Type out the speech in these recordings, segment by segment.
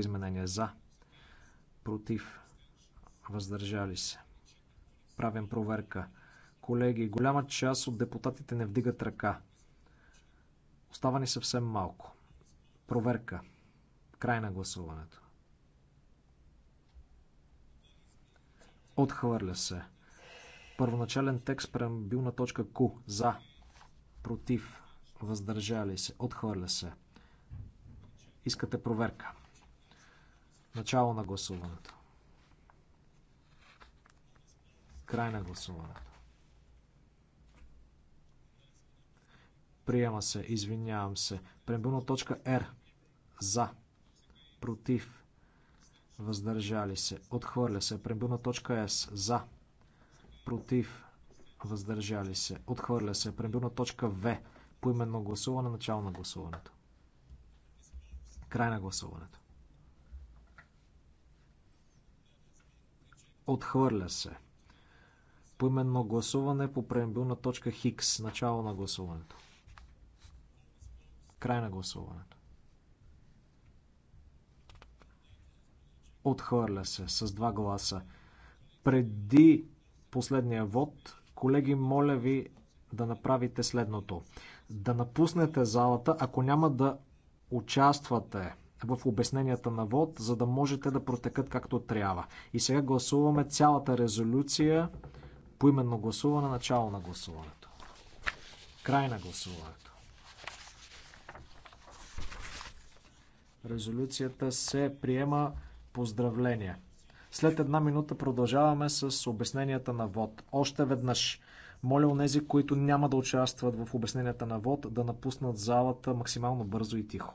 изменение за, против, въздържали се. Правим проверка. Колеги, голяма част от депутатите не вдигат ръка. Остава ни съвсем малко. Проверка. Край на гласуването. Отхвърля се. Първоначален текст бил на точка Q. За. Против. Въздържали се. Отхвърля се. Искате проверка. Начало на гласуването. Край на гласуването. Приема се, извинявам се. Прембилна точка Р. За. Против. Въздържали се. Отхвърля се. Прембилна точка С. За. Против. Въздържали се. Отхвърля се. Прембилна точка В. Поименно гласуване. Начало на гласуването. Край на гласуването. Отхвърля се. Поименно гласуване по преамбилна точка Хикс. Начало на гласуването. Край на гласуването. Отхвърля се с два гласа. Преди последния вод, колеги, моля ви да направите следното. Да напуснете залата, ако няма да участвате в обясненията на ВОД, за да можете да протекат както трябва. И сега гласуваме цялата резолюция по именно гласуване, начало на гласуването. Край на гласуването. Резолюцията се приема поздравления. След една минута продължаваме с обясненията на ВОД. Още веднъж. Моля онези, които няма да участват в обясненията на ВОД, да напуснат залата максимално бързо и тихо.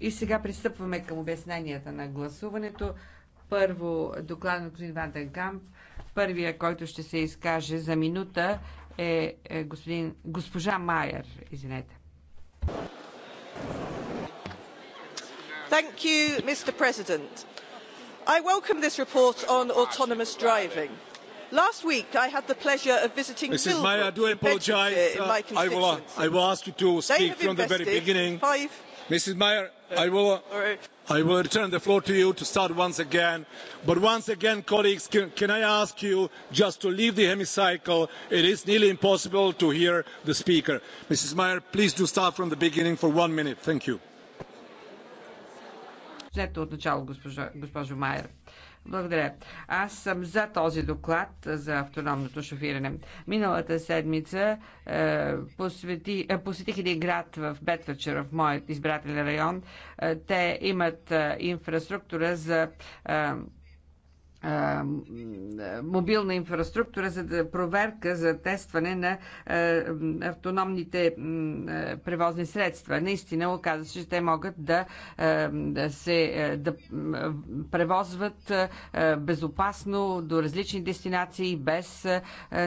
И сега пристъпваме към обясненията на гласуването. Първо доклад на господин Ван Денкамп. Първия, който ще се изкаже за минута е, е господин, госпожа Майер. Извинете. Thank you, Mr. President. I welcome this report on autonomous driving last week i had the pleasure of visiting mrs may i do apologise i will i will ask you to speak from the very beginning mrs may i will i will return the floor to you to start once again but once again colleagues can can i ask you just to leave the hemicycle it is nearly impossible to hear the speaker mrs Meyer, please do start from the beginning for one minute thank you от начало, госпожо Майер. Благодаря. Аз съм за този доклад за автономното шофиране. Миналата седмица е, посвети, е, посетих един град в Бетвечер, в моят избирателен район. Е, те имат е, инфраструктура за. Е, мобилна инфраструктура за да проверка за тестване на автономните превозни средства. Наистина оказа се, че те могат да, да се да превозват безопасно до различни дестинации без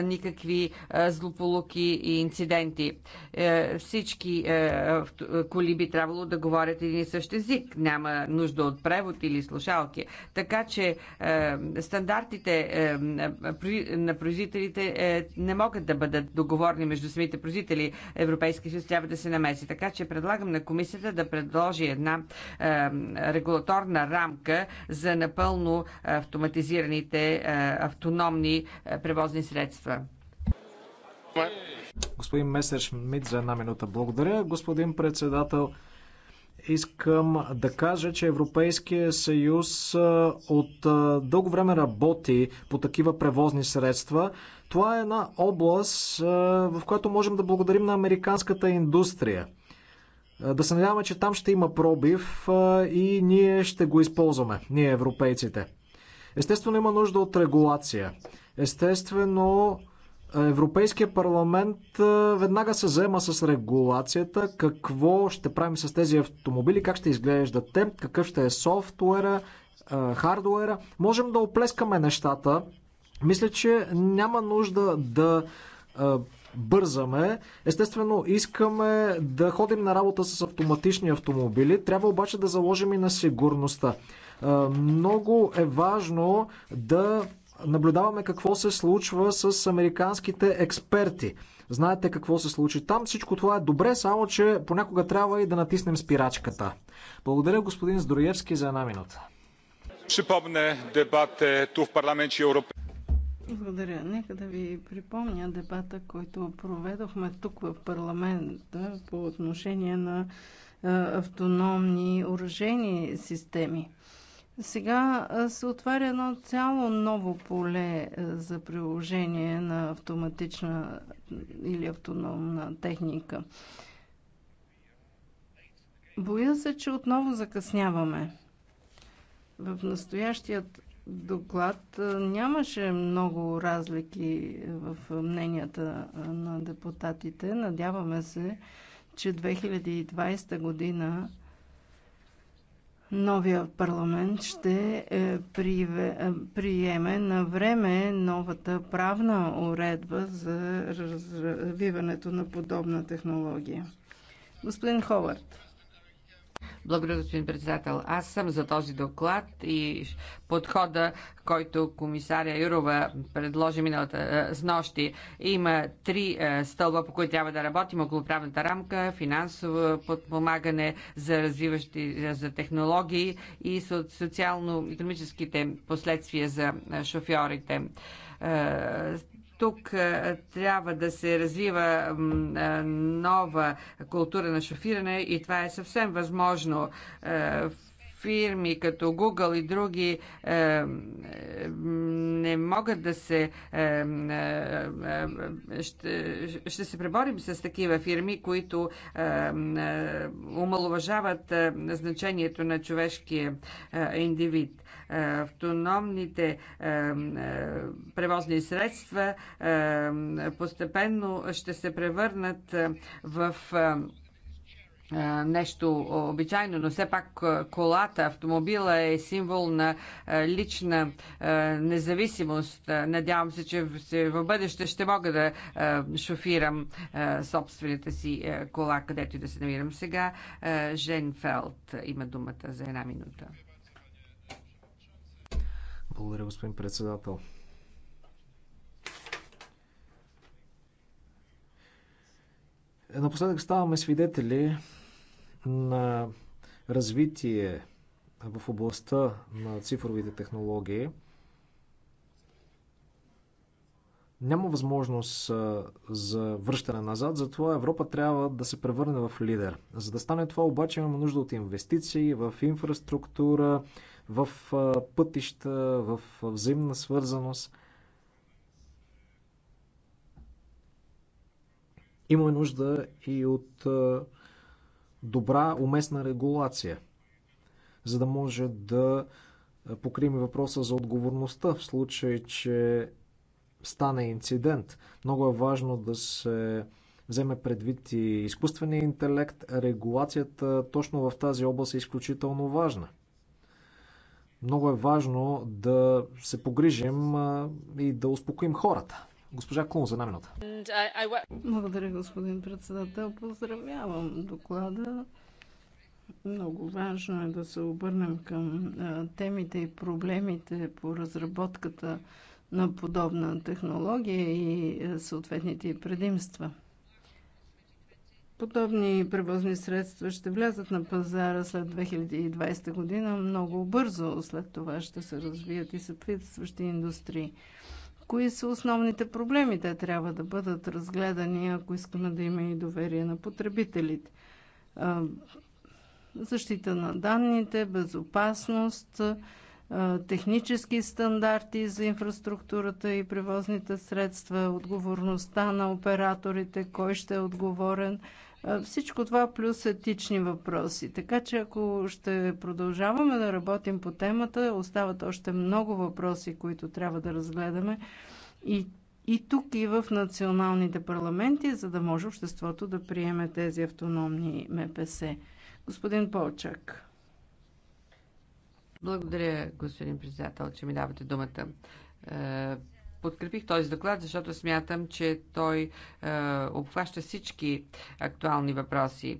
никакви злополуки и инциденти. Е, всички е, е, коли би трябвало да говорят един и същ език. Няма нужда от превод или слушалки. Така че стандартите е, на производителите е, не могат да бъдат договорни между самите производители. Европейския съюз трябва да се намеси. Така че предлагам на комисията да предложи една е, регулаторна рамка за напълно автоматизираните автономни превозни средства. Господин мит за една минута. Благодаря, господин председател искам да кажа, че Европейския съюз от дълго време работи по такива превозни средства. Това е една област, в която можем да благодарим на американската индустрия. Да се надяваме, че там ще има пробив и ние ще го използваме, ние европейците. Естествено има нужда от регулация. Естествено Европейския парламент веднага се заема с регулацията, какво ще правим с тези автомобили, как ще изглеждат те, какъв ще е софтуера, хардуера. Можем да оплескаме нещата. Мисля, че няма нужда да бързаме. Естествено, искаме да ходим на работа с автоматични автомобили. Трябва обаче да заложим и на сигурността. Много е важно да наблюдаваме какво се случва с американските експерти. Знаете какво се случи там. Всичко това е добре, само че понякога трябва и да натиснем спирачката. Благодаря господин Здроевски за една минута. Припомне дебате ту в парламенте Европе. Благодаря. Нека да ви припомня дебата, който проведохме тук в парламента по отношение на автономни оръжени системи. Сега се отваря едно цяло ново поле за приложение на автоматична или автономна техника. Боя се, че отново закъсняваме. В настоящият доклад нямаше много разлики в мненията на депутатите. Надяваме се, че 2020 година Новия парламент ще е, е, приеме на време новата правна уредба за развиването на подобна технология. Господин Ховард. Благодаря, господин председател. Аз съм за този доклад и подхода, който комисаря Юрова предложи миналата е, с нощи. Има три е, стълба, по които трябва да работим. Около правната рамка, финансово подпомагане за развиващи е, за технологии и социално-економическите последствия за шофьорите тук трябва да се развива нова култура на шофиране и това е съвсем възможно фирми като Google и други не могат да се. ще, ще се преборим с такива фирми, които умалуважават значението на човешкия индивид. Е, автономните е, е, превозни средства постепенно ще се превърнат в нещо обичайно, но все пак колата, автомобила е символ на лична независимост. Надявам се, че в бъдеще ще мога да шофирам собствената си кола, където и да се намирам сега. Жен Фелт има думата за една минута. Благодаря, господин председател. Е, напоследък ставаме свидетели на развитие в областта на цифровите технологии. Няма възможност за връщане назад, затова Европа трябва да се превърне в лидер. За да стане това обаче имаме нужда от инвестиции в инфраструктура, в пътища, в взаимна свързаност. Има нужда и от добра, уместна регулация, за да може да покрием въпроса за отговорността в случай, че стане инцидент. Много е важно да се вземе предвид и изкуствения интелект. Регулацията точно в тази област е изключително важна. Много е важно да се погрижим и да успокоим хората. Госпожа Клун, за една минута. Благодаря, господин председател. Поздравявам доклада. Много важно е да се обърнем към темите и проблемите по разработката на подобна технология и съответните предимства. Подобни превозни средства ще влязат на пазара след 2020 година много бързо. След това ще се развият и съпътстващи индустрии. Кои са основните проблеми? Те трябва да бъдат разгледани, ако искаме да има и доверие на потребителите. Защита на данните, безопасност, технически стандарти за инфраструктурата и превозните средства, отговорността на операторите, кой ще е отговорен всичко това плюс етични въпроси. Така че ако ще продължаваме да работим по темата, остават още много въпроси, които трябва да разгледаме и, и тук, и в националните парламенти, за да може обществото да приеме тези автономни МПС. Господин Полчак. Благодаря, господин председател, че ми давате думата е, подкрепих този доклад, защото смятам, че той е, обхваща всички актуални въпроси.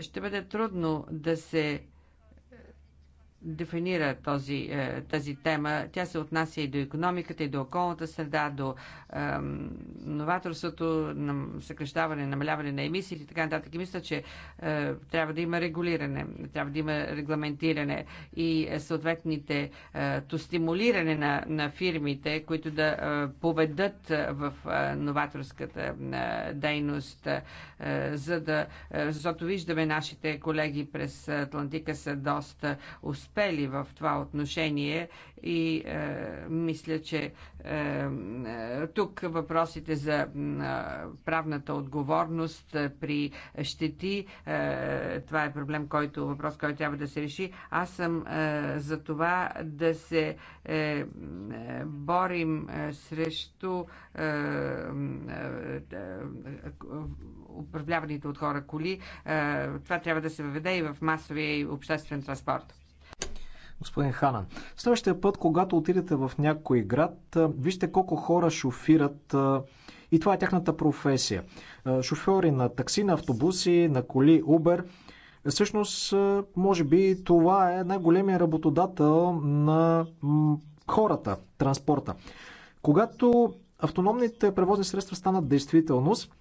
Ще бъде трудно да се дефинира този, е, тази тема. Тя се отнася и до економиката, и до околната среда, до е, новаторството, съкрещаване, намаляване на емисиите и така нататък. И мисля, че е, трябва да има регулиране, трябва да има регламентиране и е, съответните е, то стимулиране на, на фирмите, които да е, поведат е, в е, новаторската е, дейност, е, за да, е, защото виждаме нашите колеги през Атлантика са доста успешни успели в това отношение и е, мисля, че е, е тук въпросите за е, правната отговорност е, при щети, е, това е проблем, който, въпрос, който трябва да се реши. Аз съм е, за това да се е, е борим е, срещу е, е, управляваните от хора коли. Това трябва да се въведе и в масовия и обществен транспорт господин Ханан. Следващия път, когато отидете в някой град, вижте колко хора шофират и това е тяхната професия. Шофьори на такси, на автобуси, на коли, Uber. Всъщност, може би това е най-големия работодател на хората, транспорта. Когато автономните превозни средства станат действителност,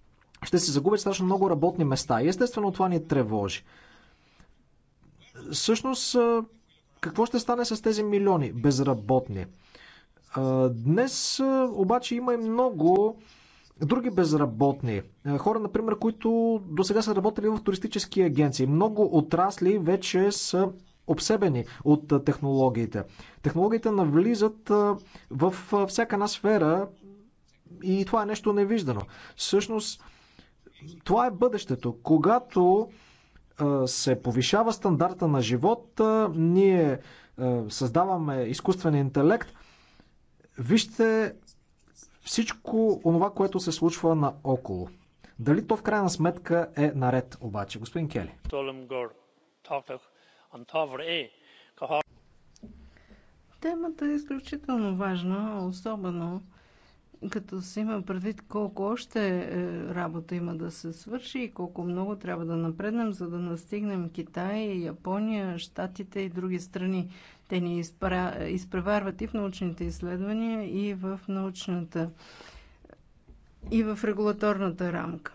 ще се загубят страшно много работни места. И естествено това ни тревожи. Същност, какво ще стане с тези милиони безработни? Днес обаче има и много други безработни. Хора, например, които до сега са работили в туристически агенции. Много отрасли вече са обсебени от технологиите. Технологиите навлизат в всяка една сфера и това е нещо невиждано. Всъщност, това е бъдещето. Когато се повишава стандарта на живот, ние създаваме изкуствен интелект. Вижте всичко онова, което се случва наоколо. Дали то в крайна сметка е наред обаче? Господин Кели. Темата е изключително важна, особено като се има предвид колко още е, работа има да се свърши и колко много трябва да напреднем, за да настигнем Китай, Япония, Штатите и други страни. Те ни изпра... изпреварват и в научните изследвания, и в научната, и в регулаторната рамка.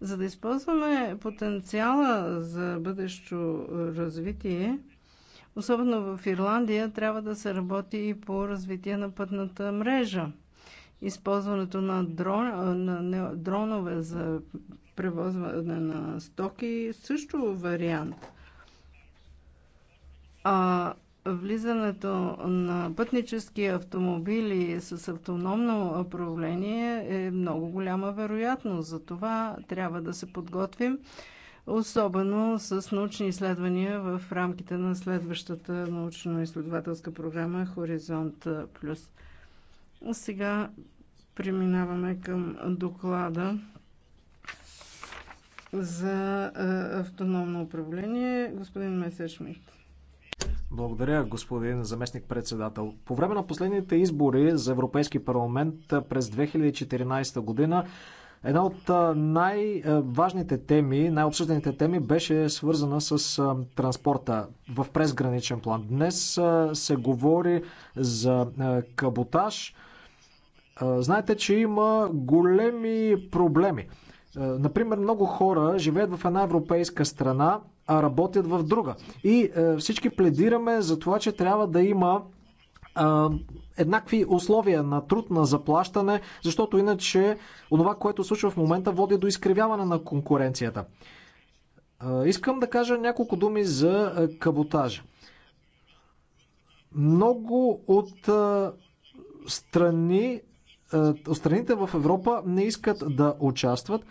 За да използваме потенциала за бъдещо е, развитие, Особено в Ирландия трябва да се работи и по развитие на пътната мрежа. Използването на, дрон, на дронове за превозване на стоки е също вариант. А влизането на пътнически автомобили с автономно управление е много голяма вероятност. За това трябва да се подготвим особено с научни изследвания в рамките на следващата научно-изследователска програма Хоризонт Плюс. Сега преминаваме към доклада за автономно управление. Господин Месешмит. Благодаря, господин заместник-председател. По време на последните избори за Европейски парламент през 2014 година Една от най-важните теми, най-обсъжданите теми беше свързана с транспорта в презграничен план. Днес се говори за каботаж. Знаете, че има големи проблеми. Например, много хора живеят в една европейска страна, а работят в друга. И всички пледираме за това, че трябва да има еднакви условия на труд, на заплащане, защото иначе онова, което случва в момента, води до изкривяване на конкуренцията. Искам да кажа няколко думи за каботажа. Много от страни, страните в Европа не искат да участват.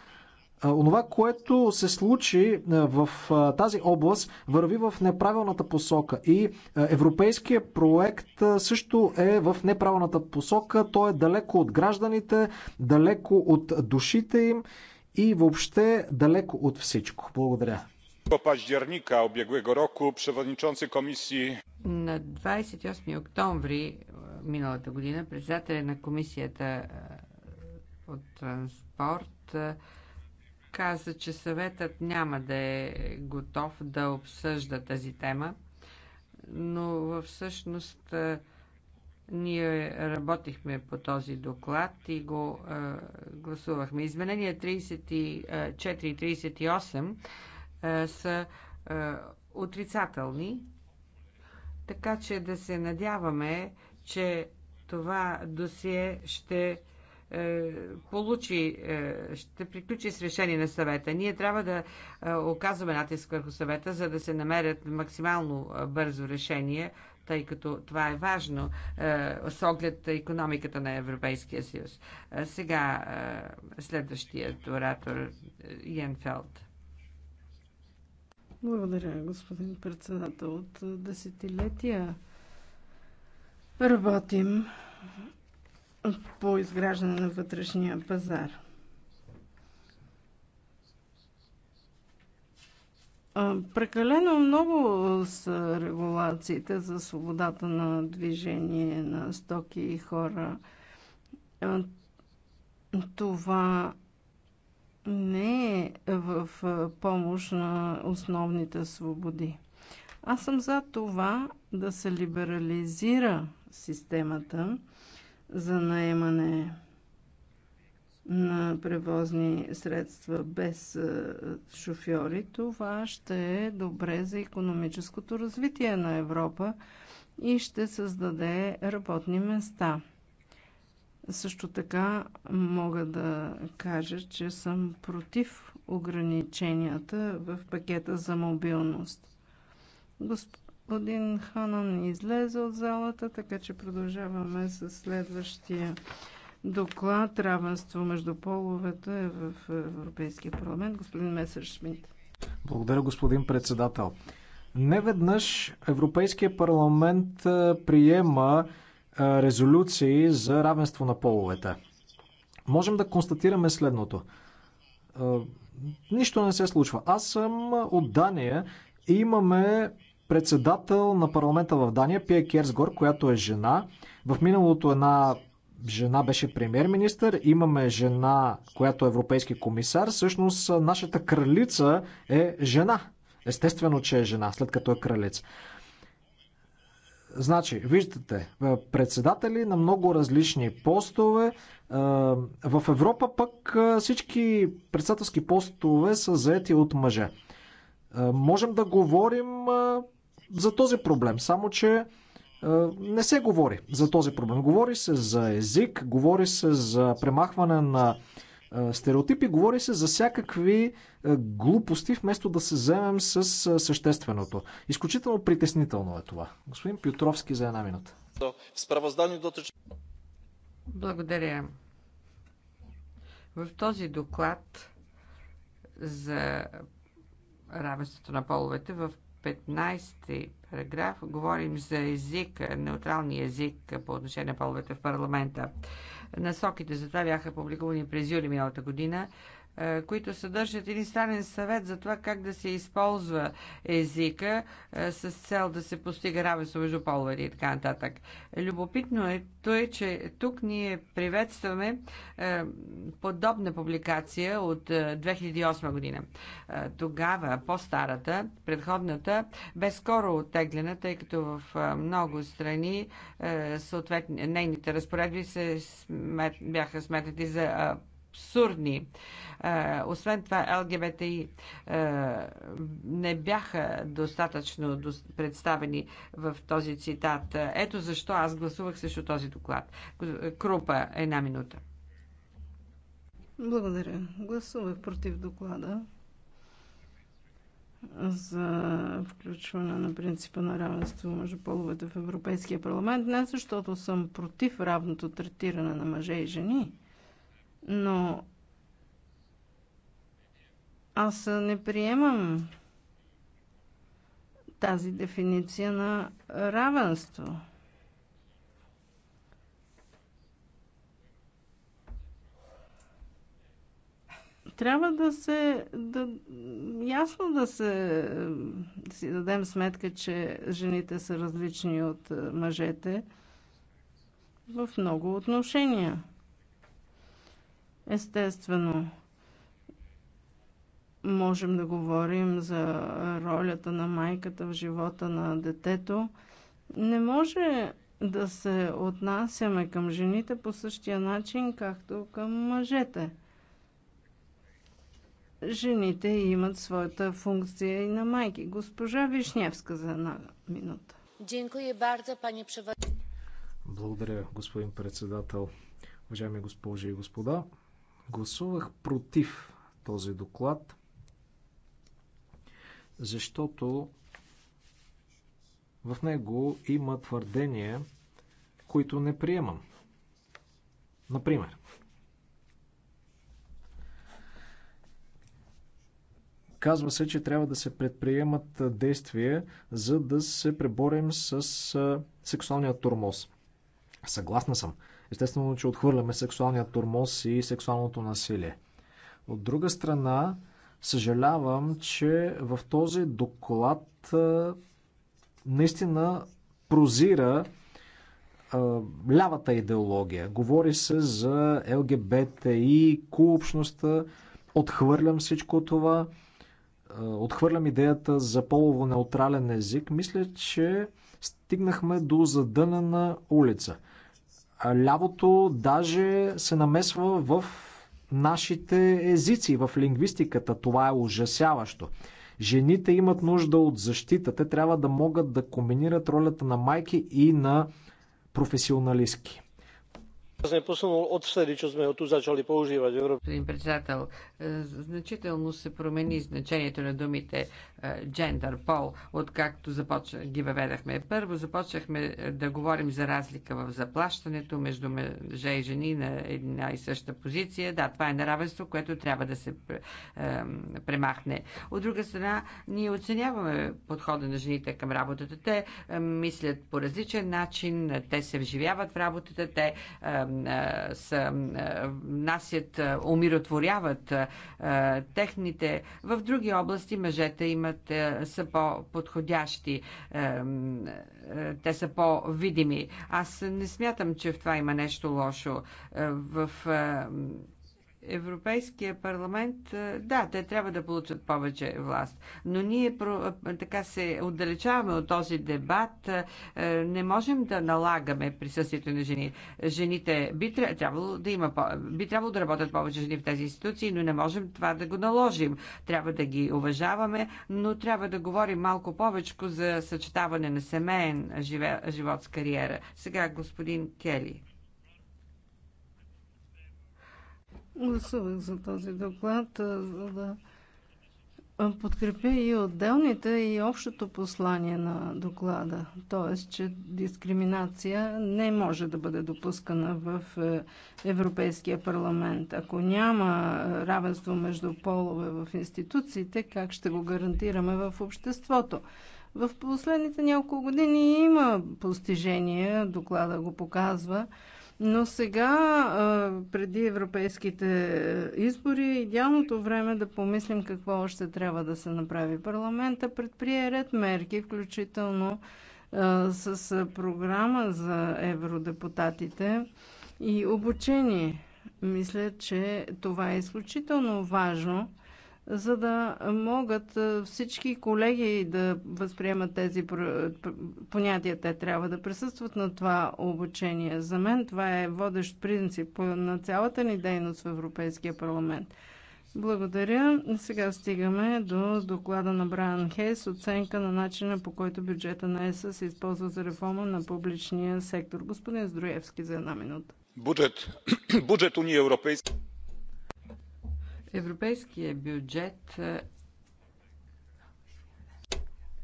Онова, което се случи в тази област, върви в неправилната посока. И европейският проект също е в неправилната посока. Той е далеко от гражданите, далеко от душите им и въобще далеко от всичко. Благодаря. По października ubiegłego року, преводничонци комисии. на 28 октомври миналата година председателя на комисията от транспорт каза, че съветът няма да е готов да обсъжда тази тема, но всъщност ние работихме по този доклад и го а, гласувахме. Изменения 34 и 38 а, са а, отрицателни, така че да се надяваме, че това досие ще е, получи, е, ще приключи с решение на съвета. Ние трябва да е, оказваме натиск върху съвета, за да се намерят максимално бързо решение, тъй като това е важно с оглед економиката на Европейския съюз. Сега следващият оратор Йенфелд. Благодаря, господин председател. От десетилетия работим по изграждане на вътрешния пазар. Прекалено много са регулациите за свободата на движение на стоки и хора. Това не е в помощ на основните свободи. Аз съм за това да се либерализира системата за наемане на превозни средства без е, шофьори, това ще е добре за економическото развитие на Европа и ще създаде работни места. Също така мога да кажа, че съм против ограниченията в пакета за мобилност. Госп... Господин Ханан излезе от залата, така че продължаваме с следващия доклад равенство между половете е в Европейския парламент. Господин Месър Шмидт. Благодаря, господин председател. Неведнъж Европейския парламент приема резолюции за равенство на половете. Можем да констатираме следното. Нищо не се случва. Аз съм от Дания и имаме председател на парламента в Дания, Пия Керсгор, която е жена. В миналото една жена беше премьер-министър, имаме жена, която е европейски комисар. Всъщност нашата кралица е жена. Естествено, че е жена, след като е кралец. Значи, виждате, е, председатели на много различни постове. Е, в Европа пък е, всички председателски постове са заети от мъже. Можем да говорим за този проблем, само че е, не се говори за този проблем. Говори се за език, говори се за премахване на е, стереотипи, говори се за всякакви е, глупости, вместо да се вземем с същественото. Изключително притеснително е това. Господин Пютровски за една минута. Благодаря. В този доклад за равенството на половете в 15 параграф говорим за език, неутралния език по отношение на половете в парламента. Насоките за това бяха публикувани през юли миналата година. Е, които съдържат един странен съвет за това как да се използва езика е, с цел да се постига равенство между половете и така нататък. Любопитно е, то е, че тук ние приветстваме е, подобна публикация от 2008 година. Тогава, по-старата, предходната, бе скоро оттеглена, тъй като в много страни съответно нейните разпоредби се смет, бяха сметнати за абсурдни. Е, освен това, ЛГБТИ е, не бяха достатъчно представени в този цитат. Ето защо аз гласувах също този доклад. Крупа, една минута. Благодаря. Гласувах против доклада за включване на принципа на равенство между половете в Европейския парламент. Не защото съм против равното третиране на мъже и жени, но аз не приемам тази дефиниция на равенство. трябва да се. Да, ясно да се. Да си дадем сметка, че жените са различни от мъжете в много отношения. Естествено, можем да говорим за ролята на майката в живота на детето. Не може да се отнасяме към жените по същия начин, както към мъжете. Жените имат своята функция и на майки. Госпожа Вишневска за една минута. Благодаря, господин председател. Уважаеми госпожи и господа, Гласувах против този доклад, защото в него има твърдения, които не приемам. Например, казва се, че трябва да се предприемат действия, за да се преборим с сексуалния тормоз. Съгласна съм. Естествено, че отхвърляме сексуалния тормоз и сексуалното насилие. От друга страна, съжалявам, че в този доклад наистина прозира лявата идеология. Говори се за ЛГБТИ, кулобщността, отхвърлям всичко това, отхвърлям идеята за полово неутрален език. Мисля, че стигнахме до задънена улица – лявото даже се намесва в нашите езици, в лингвистиката. Това е ужасяващо. Жените имат нужда от защита. Те трябва да могат да комбинират ролята на майки и на професионалистки. Господин председател, е, значително се промени значението на думите джендър, пол, откакто започна, ги въведахме. Първо започнахме е, да говорим за разлика в заплащането между мъже и жени на една и съща позиция. Да, това е неравенство, което трябва да се е, премахне. От друга страна, ние оценяваме подхода на жените към работата. Те мислят по различен начин, те се вживяват в работата, те е, са, е, насят, е, умиротворяват техните. В други области мъжете имат, са по-подходящи, те са по-видими. Аз не смятам, че в това има нещо лошо. В Европейския парламент, е, да, те трябва да получат повече власт. Но ние е, така се отдалечаваме от този дебат. Е, не можем да налагаме присъствието на жени. Жените би трябвало да има, би трябвало да работят повече жени в тези институции, но не можем това да го наложим. Трябва да ги уважаваме, но трябва да говорим малко повече за съчетаване на семейен живот с кариера. Сега господин Кели. Гласувах за този доклад, за да подкрепя и отделните и общото послание на доклада, т.е. че дискриминация не може да бъде допускана в е, Европейския парламент. Ако няма равенство между полове в институциите, как ще го гарантираме в обществото? В последните няколко години има постижения, доклада го показва, но сега, преди европейските избори, е идеалното време е да помислим какво още трябва да се направи. Парламента предприе ред мерки, включително с програма за евродепутатите и обучение. Мисля, че това е изключително важно за да могат всички колеги да възприемат тези понятия. Те трябва да присъстват на това обучение. За мен това е водещ принцип на цялата ни дейност в Европейския парламент. Благодаря. Сега стигаме до доклада на Брайан Хейс, оценка на начина по който бюджета на ЕСА се използва за реформа на публичния сектор. Господин Здроевски за една минута. Бюджет, бюджет Уния Европейска Европейския бюджет е,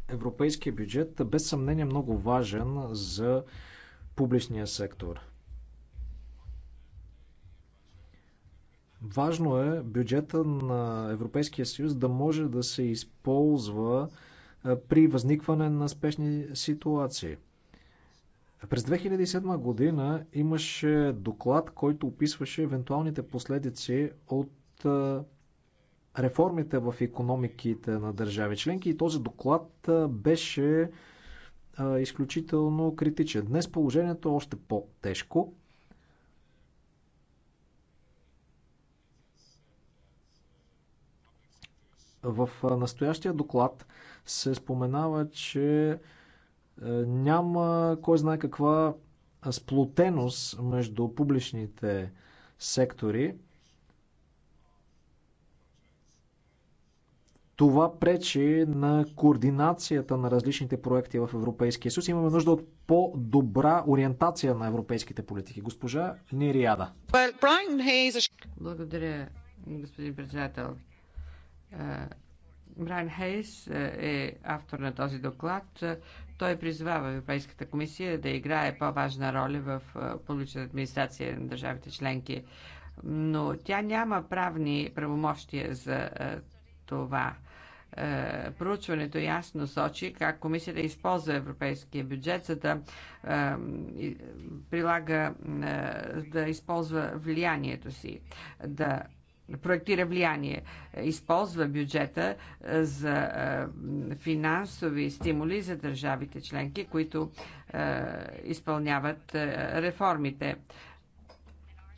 Европейския бюджет без съмнение е много важен за публичния сектор. Важно е бюджета на Европейския съюз да може да се използва е, при възникване на спешни ситуации. През 2007 година имаше доклад, който описваше евентуалните последици от реформите в економиките на държави членки и този доклад беше изключително критичен. Днес положението е още по-тежко. В настоящия доклад се споменава, че няма кой знае каква сплотеност между публичните сектори. това пречи на координацията на различните проекти в Европейския съюз. Имаме нужда от по-добра ориентация на европейските политики. Госпожа Нириада. Благодаря, господин председател. Е, Брайан Хейс е, е автор на този доклад. Той призвава Европейската комисия да играе по-важна роля в е, публичната администрация на държавите членки но тя няма правни правомощия за това. Е, проучването ясно сочи как комисията използва европейския бюджет, за да е, прилага, е, да използва влиянието си, да проектира влияние, използва бюджета за финансови стимули за държавите членки, които изпълняват реформите.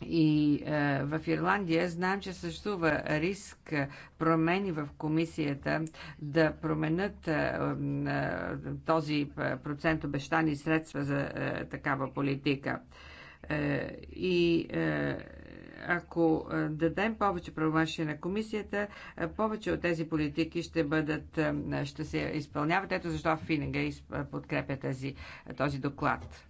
И е, в Ирландия знаем, че съществува риск промени в комисията да променят е, е, този е, процент обещани средства за е, такава политика. Е, и е, ако е, дадем повече правомощия на комисията, е, повече от тези политики ще бъдат, ще се изпълняват. Ето защо Финнега подкрепя тази, този доклад.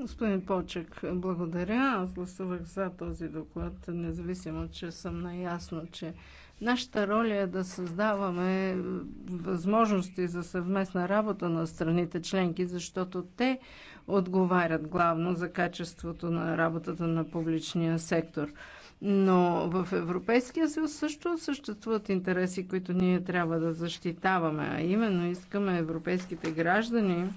Господин Почек, благодаря. Аз гласувах за този доклад, независимо, че съм наясно, че нашата роля е да създаваме е, възможности за съвместна работа на страните членки, защото те отговарят главно за качеството на работата на публичния сектор. Но в Европейския съюз също съществуват интереси, които ние трябва да защитаваме, а именно искаме европейските граждани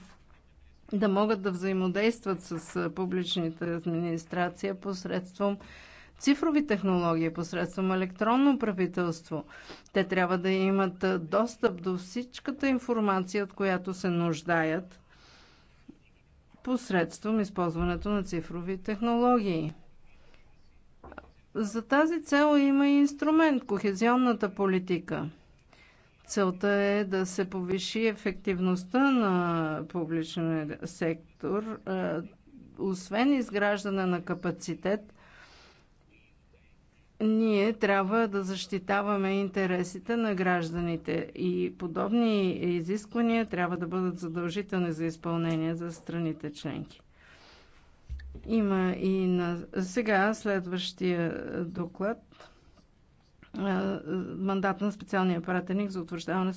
да могат да взаимодействат с публичните администрация посредством цифрови технологии, посредством електронно правителство. Те трябва да имат достъп до всичката информация, от която се нуждаят посредством използването на цифрови технологии. За тази цел има и инструмент – кохезионната политика – Целта е да се повиши ефективността на публичния сектор. Освен изграждане на капацитет, ние трябва да защитаваме интересите на гражданите и подобни изисквания трябва да бъдат задължителни за изпълнение за страните членки. Има и на... Сега следващия доклад мандат на специалния пратеник за утвърждаване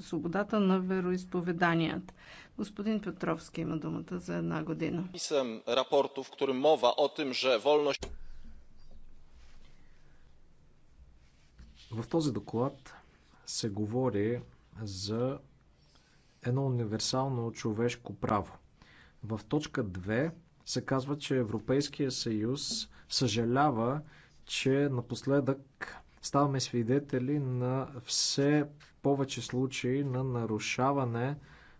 свободата на вероисповеданията. Господин Петровски има думата за една година. Писам рапорту, в който мова о тем, че wolność... В този доклад се говори за едно универсално човешко право. В точка 2 се казва, че Европейския съюз съжалява, че напоследък ставаме свидетели на все повече случаи на нарушаване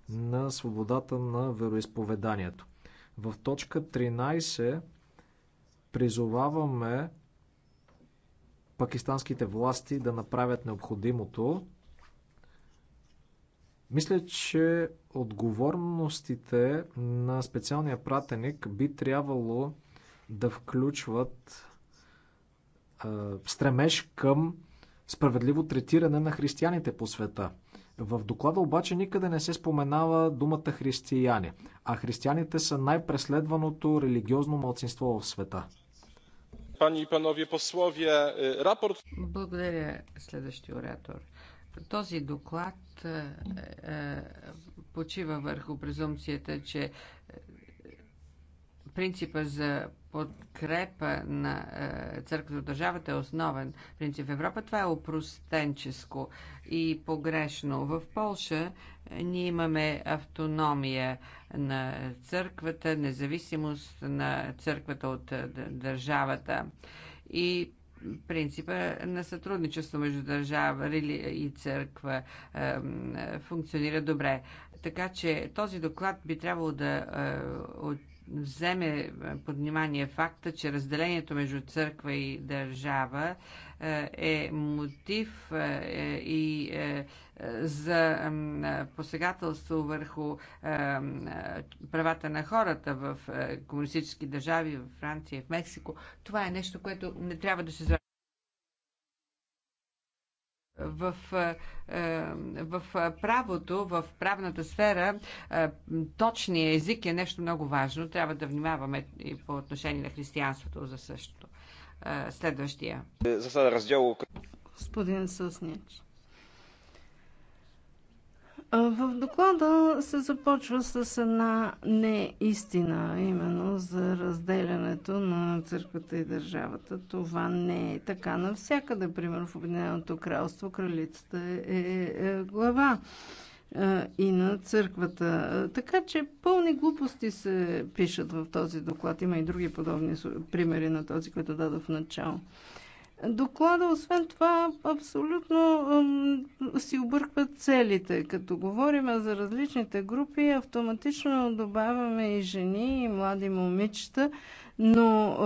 на свободата на вероисповеданието. В точка 13 призоваваме пакистанските власти да направят необходимото. Мисля, че отговорностите на специалния пратеник би трябвало да включват е, стремеж към справедливо третиране на християните по света. В доклада обаче никъде не се споменава думата християни, а християните са най-преследваното религиозно младсинство в света. Пани и панове пословие, е, рапорт... Благодаря, следващия оратор. Този доклад е, е, почива върху презумцията, че принципа за подкрепа на е, църквата от държавата е основен принцип в Европа. Това е опростенческо и погрешно. В Полша е, ние имаме автономия на църквата, независимост на църквата от е, държавата. И принципа на сътрудничество между държава и църква функционира добре. Така че този доклад би трябвало да вземе е, под внимание факта, че разделението между църква и държава е, е мотив е, и за посегателство върху правата на хората в комунистически държави, в Франция и в Мексико. Това е нещо, което не трябва да се в, е, е, в правото, в правната сфера, е, точният език е нещо много важно. Трябва да внимаваме и по отношение на християнството за същото. Следващия. Засада раздел. Господин Съснич. В доклада се започва с една неистина, именно за разделянето на църквата и държавата. Това не е така навсякъде. Примерно в Обединеното кралство кралицата е, е, е глава и на църквата. Така че пълни глупости се пишат в този доклад. Има и други подобни примери на този, който дадох в начало. Доклада, освен това, абсолютно си объркват целите. Като говорим за различните групи, автоматично добавяме и жени, и млади момичета, но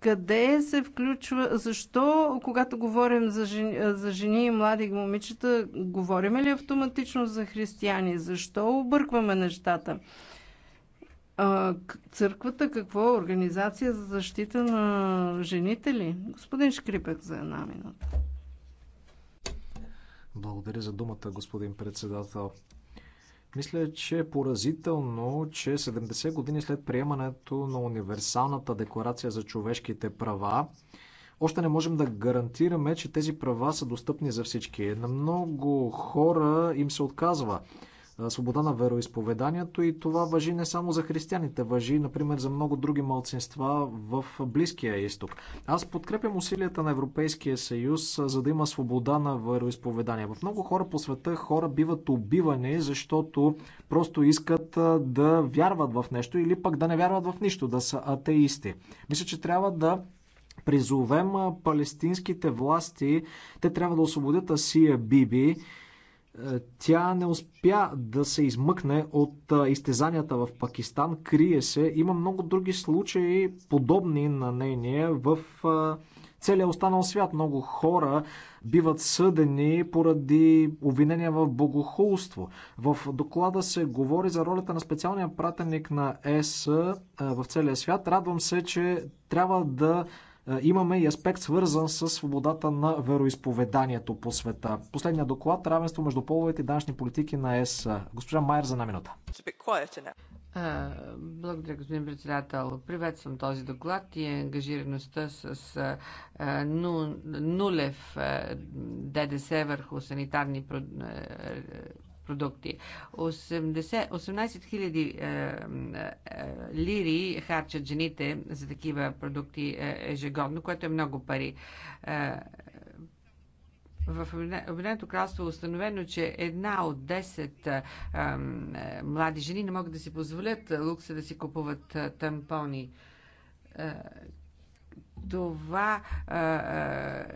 къде се включва, защо, когато говорим за жени, за жени и млади момичета, говорим ли автоматично за християни? Защо объркваме нещата? А, църквата какво е? Организация за защита на жените ли? Господин Шкрипек за една минута. Благодаря за думата, господин председател. Мисля, че е поразително, че 70 години след приемането на Универсалната декларация за човешките права, още не можем да гарантираме, че тези права са достъпни за всички. На много хора им се отказва е, свобода на вероисповеданието и това въжи не само за християните, въжи, например, за много други малцинства в Близкия изток. Аз подкрепям усилията на Европейския съюз, е, за да има свобода на вероисповедание. В много хора по света хора биват убивани, защото просто искат е, да вярват в нещо или пък да не вярват в нищо, да са атеисти. Мисля, че трябва да призовем палестинските власти, те трябва да освободят Асия Биби е, тя не успя да се измъкне от е, изтезанията в Пакистан, крие се. Има много други случаи, подобни на нейния, в е, целия останал свят. Много хора биват съдени поради обвинения в богохулство. В доклада се говори за ролята на специалния пратеник на ЕС в целия свят. Радвам се, че трябва да е, имаме и аспект свързан с свободата на вероисповеданието по света. Последният доклад равенство между половете и данъчни политики на ЕС. Госпожа Майер за една минута. Благодаря, господин председател. Приветствам този доклад и ангажираността с нулев ДДС върху санитарни продукти. 18 000 е, е, е, лири харчат жените за такива продукти ежегодно, което е много пари. в Обединеното кралство е установено, че една от 10 а, млади жени не могат да си позволят лукса да си купуват тампони. Това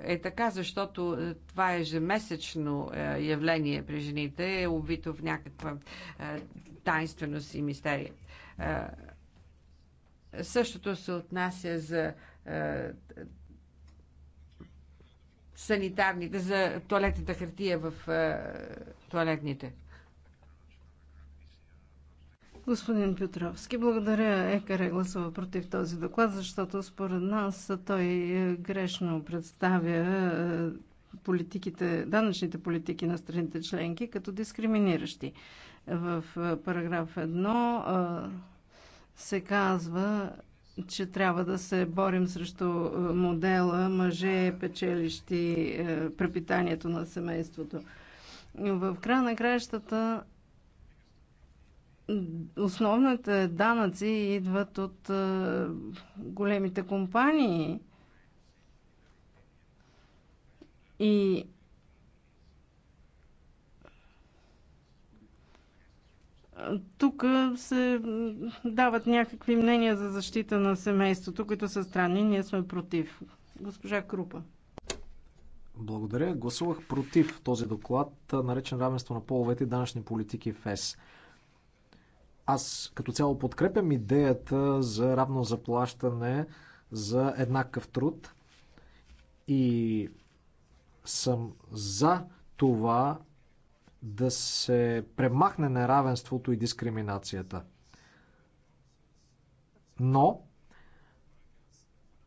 е така, защото това е ежемесечно явление при жените, е обвито в някаква тайнственост и мистерия. Същото се отнася за санитарните, за туалетната хартия в туалетните. Господин Петровски, благодаря ЕКАРЕ гласува против този доклад, защото според нас той е, грешно представя е, политиките, данъчните политики на страните членки като дискриминиращи. В е, параграф 1 се казва, че трябва да се борим срещу модела мъже, печелищи препитанието на семейството. В края на краищата основните данъци идват от е, големите компании. И тук се дават някакви мнения за защита на семейството, които са странни. Ние сме против. Госпожа Крупа. Благодаря. Гласувах против този доклад, наречен равенство на половете и данъчни политики в ЕС. Аз като цяло подкрепям идеята за равно заплащане за еднакъв труд и съм за това да се премахне неравенството и дискриминацията. Но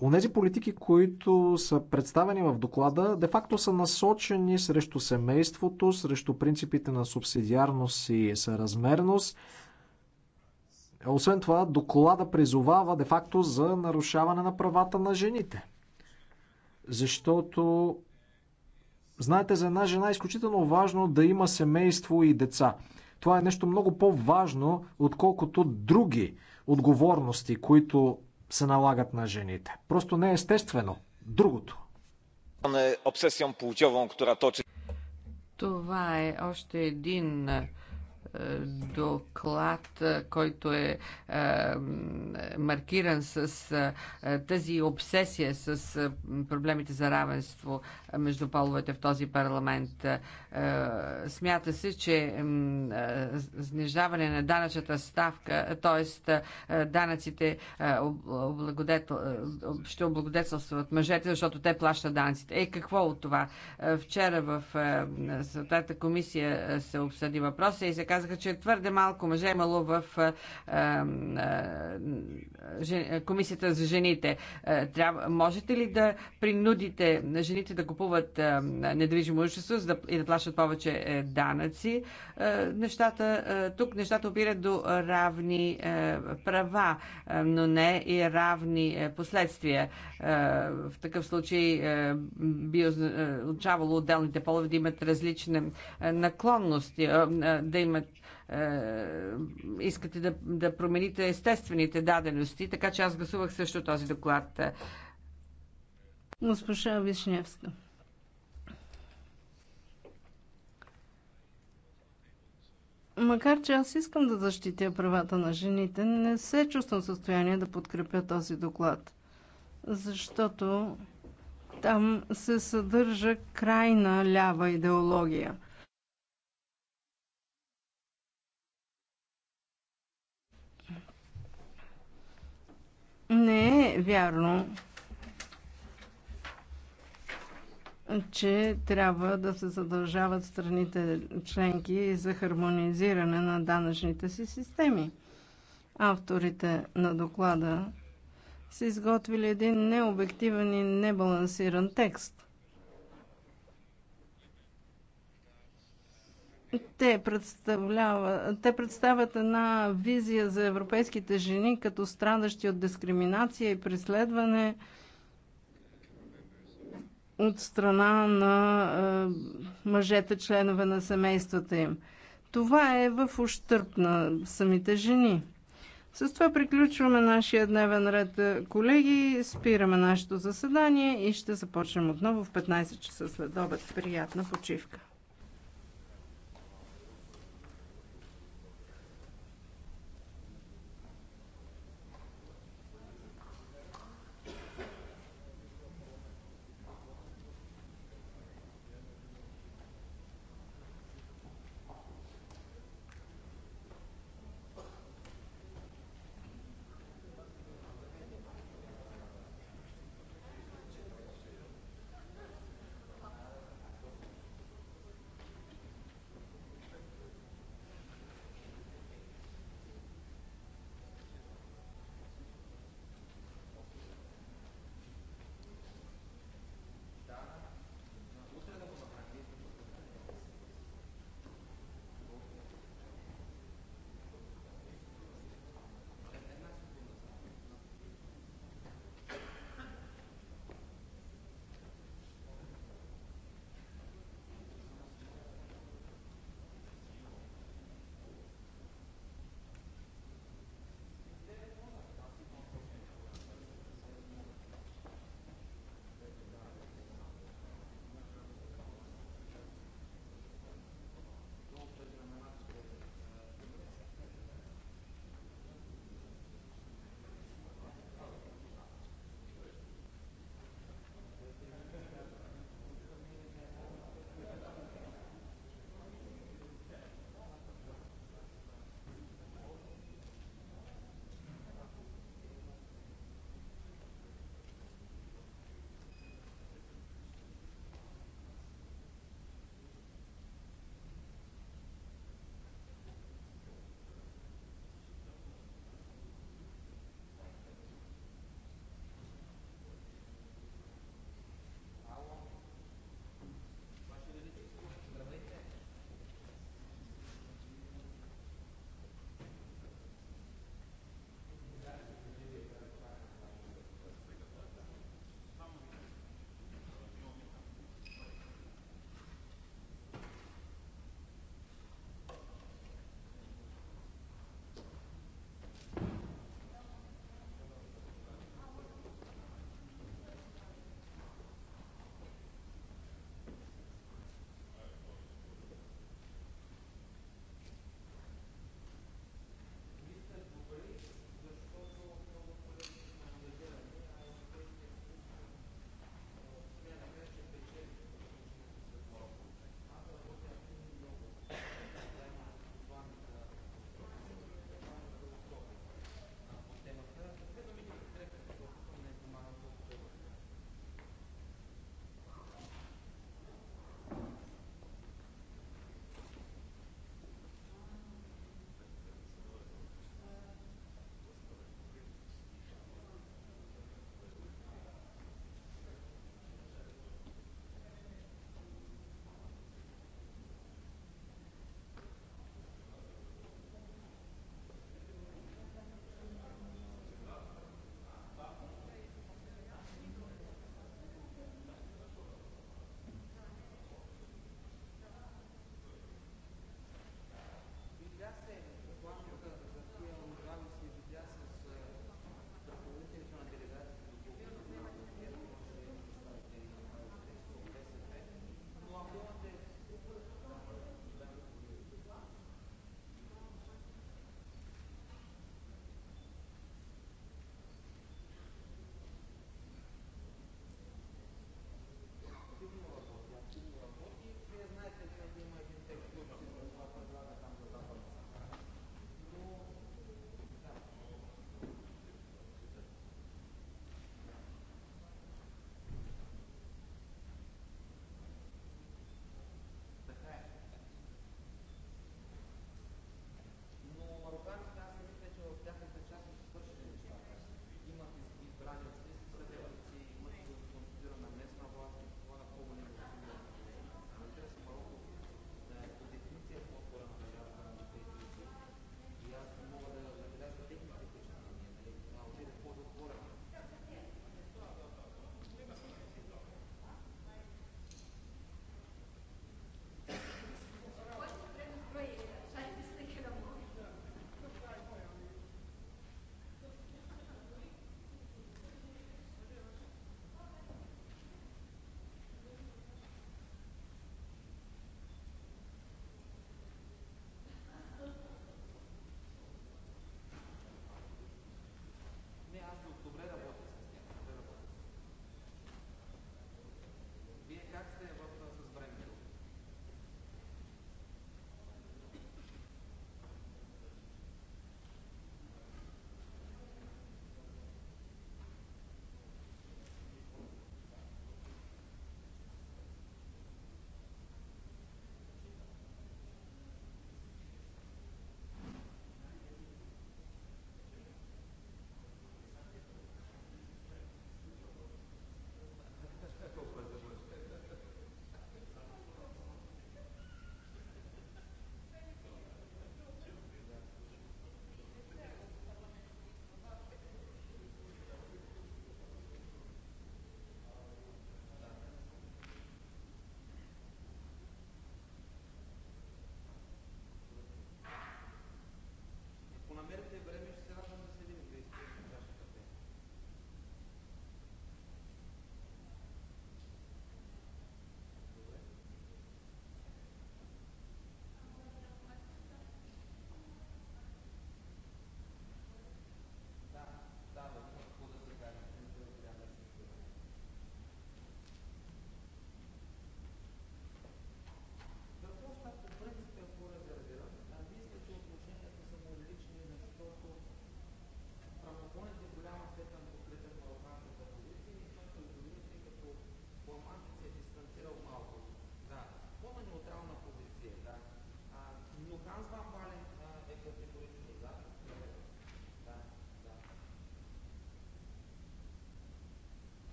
Онези политики, които са представени в доклада, де факто са насочени срещу семейството, срещу принципите на субсидиарност и съразмерност, освен това, доклада призовава де-факто за нарушаване на правата на жените. Защото, знаете, за една жена е изключително важно да има семейство и деца. Това е нещо много по-важно, отколкото други отговорности, които се налагат на жените. Просто не е естествено. Другото. Това е още един доклад, който е маркиран с тази обсесия с проблемите за равенство между половете в този парламент. Е, смята се, че снижаване е, на данъчната ставка, т.е. данъците е, ще облагодетелстват мъжете, защото те плащат данъците. Е, какво от това? Вчера в съответната комисия се обсъди въпроса и се казаха, че твърде малко мъже имало в комисията за жените. можете ли да принудите жените да купуват купуват недвижимо имущество и да плащат повече е, данъци. Нещата, тук нещата опират до равни права, но не и равни е, последствия. В такъв случай би означавало отделните полове да имат различни наклонности, да имат искате да, да промените естествените дадености, така че аз гласувах също този доклад. Госпожа Вишневска. Макар, че аз искам да защитя правата на жените, не се чувствам в състояние да подкрепя този доклад. Защото там се съдържа крайна лява идеология. Не е вярно, че трябва да се задължават страните членки за хармонизиране на данъчните си системи. Авторите на доклада са изготвили един необективен и небалансиран текст. Те, те представят една визия за европейските жени като страдащи от дискриминация и преследване – от страна на е, мъжете, членове на семействата им. Това е в ущърп на самите жени. С това приключваме нашия дневен ред, колеги. Спираме нашето заседание и ще започнем отново в 15 часа след обед. Приятна почивка!